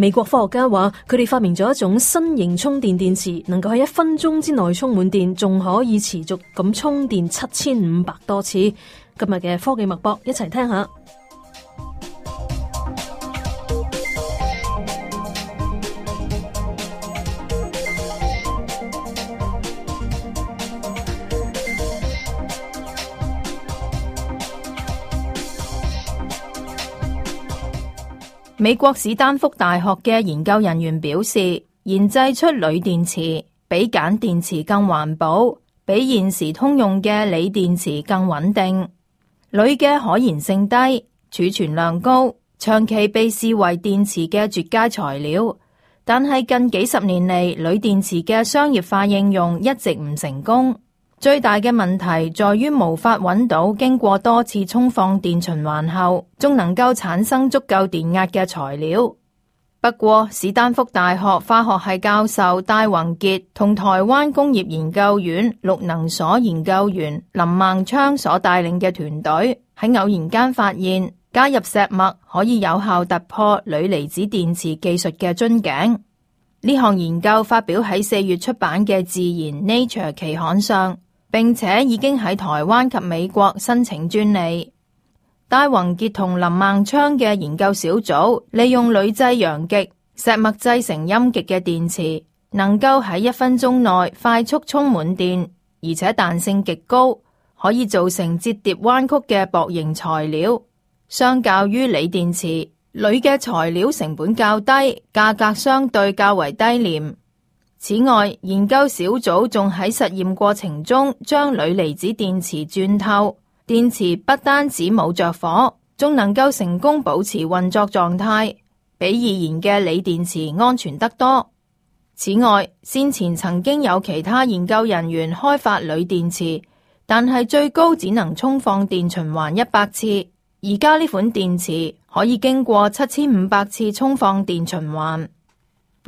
美國科學家話，佢哋發明咗一種新型充電電池，能夠喺一分鐘之內充滿電，仲可以持續咁充電七千五百多次。今日嘅科技脈搏，一齊聽下。美國史丹福大學嘅研究人員表示，研製出鋁電池，比鹼電池更環保，比現時通用嘅鋰電池更穩定。鋁嘅可燃性低，儲存量高，長期被視為電池嘅絕佳材料。但係近幾十年嚟，鋁電池嘅商業化應用一直唔成功。最大嘅問題在於無法揾到經過多次充放電循環後，仲能夠產生足夠電壓嘅材料。不過，史丹福大學化學系教授戴宏傑同台灣工業研究院綠能所研究員林孟昌所帶領嘅團隊，喺偶然間發現加入石墨可以有效突破鋁離子電池技術嘅樽頸。呢項研究發表喺四月出版嘅《自然 Nature》期刊上。並且已經喺台灣及美國申請專利。戴宏傑同林孟昌嘅研究小組利用鋁製陽極、石墨製成陰極嘅電池，能夠喺一分鐘內快速充滿電，而且彈性極高，可以做成折疊彎曲嘅薄型材料。相較於鋰電池，鋁嘅材料成本較低，價格相對較為低廉。此外，研究小組仲喺實驗過程中將鋁離子電池鑽透，電池不單止冇着火，仲能夠成功保持運作狀態，比易燃嘅鋰電池安全得多。此外，先前曾經有其他研究人員開發鋁電池，但係最高只能充放電循環一百次，而家呢款電池可以經過七千五百次充放電循環。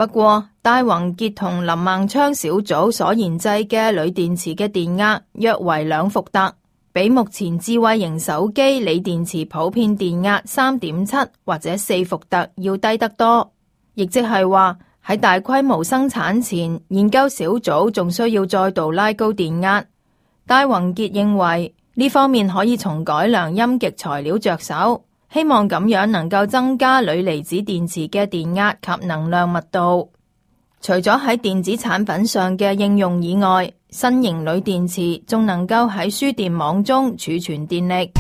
不過，戴宏傑同林孟昌小組所研製嘅鋁電池嘅電壓約為兩伏特，比目前智慧型手機鋰電池普遍電壓三點七或者四伏特要低得多，亦即係話喺大規模生產前，研究小組仲需要再度拉高電壓。戴宏傑認為呢方面可以從改良陰極材料着手。希望咁樣能夠增加鋁離子電池嘅電壓及能量密度。除咗喺電子產品上嘅應用以外，新型鋁電池仲能夠喺輸電網中儲存電力。